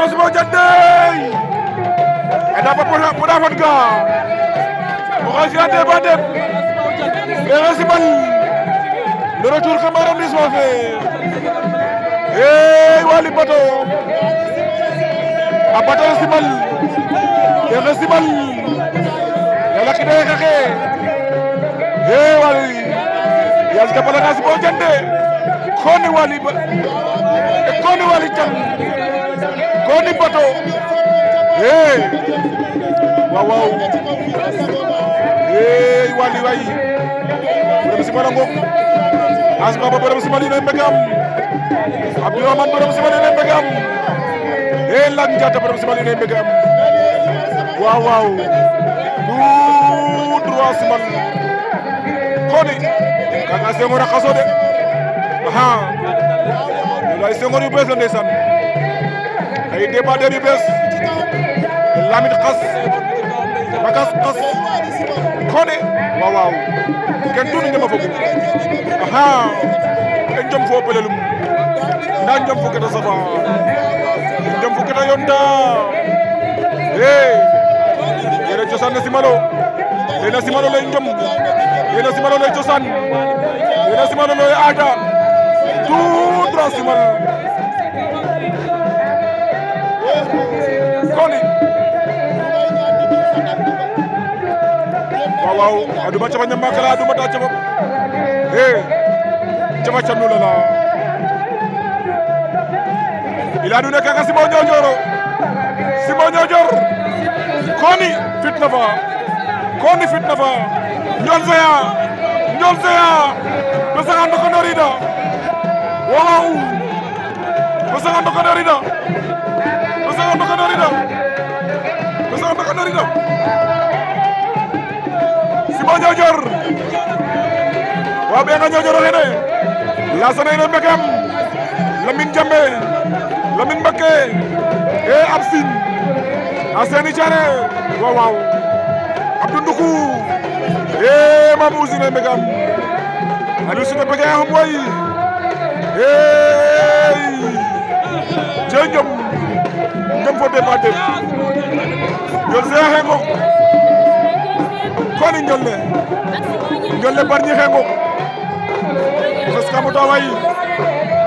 Ousmane Ousmane Diagne e dapat mendapat gol Ousmane Diagne Badep berhasil le retour kemarin di Sofe eh Wali Bato Abato Simal Yere Simal Yala kide kake eh Wali Yal kapala kasi jande Kone Wali Kone Wali Kone Wali ni Hey. Wow wow. Hey wali wali. Borom si Asma borom si malam ini begam. Abdurrahman borom si malam ini eh Hey langjata borom si malam Wow wow. droit si malam. Kodi. Kang Asengora kaso de. Aha. Lai sengori besan desan. ay débat de bi bees Lamine xas Bagas xas Koné waaw waaw kenn tuuti ñama fogu aha en jom fo pelelum nda jom fo keta safa jom fo keta yonta hey yere cosaan na simalo yena simalo lay jom yena simalo lay cosaan yena simalo lay aada tout droit simalo waaw waaw aduma ah, caba ñam makala aduma ta caba e eh, caba cam nula la ila dune kaka simo ñoñoro simo ñoñor koni fitna fa koni fitna fa ñol seya ñol seya besaxa ndoko norida waaw besaxa ndoko norida besaxa ndoko norida besaxa ndoko norida ko ñooñor waaw bee nga ñooñor waxee ne laasana yéen a mbekam Lamine Jambe Lamine Mbakke ee ab sin caane waaw waaw ee maam usine a mbekam Aliou Sita Mbeke a xum ee jënjëm गले गले पर देखे को उसका मोटा भाई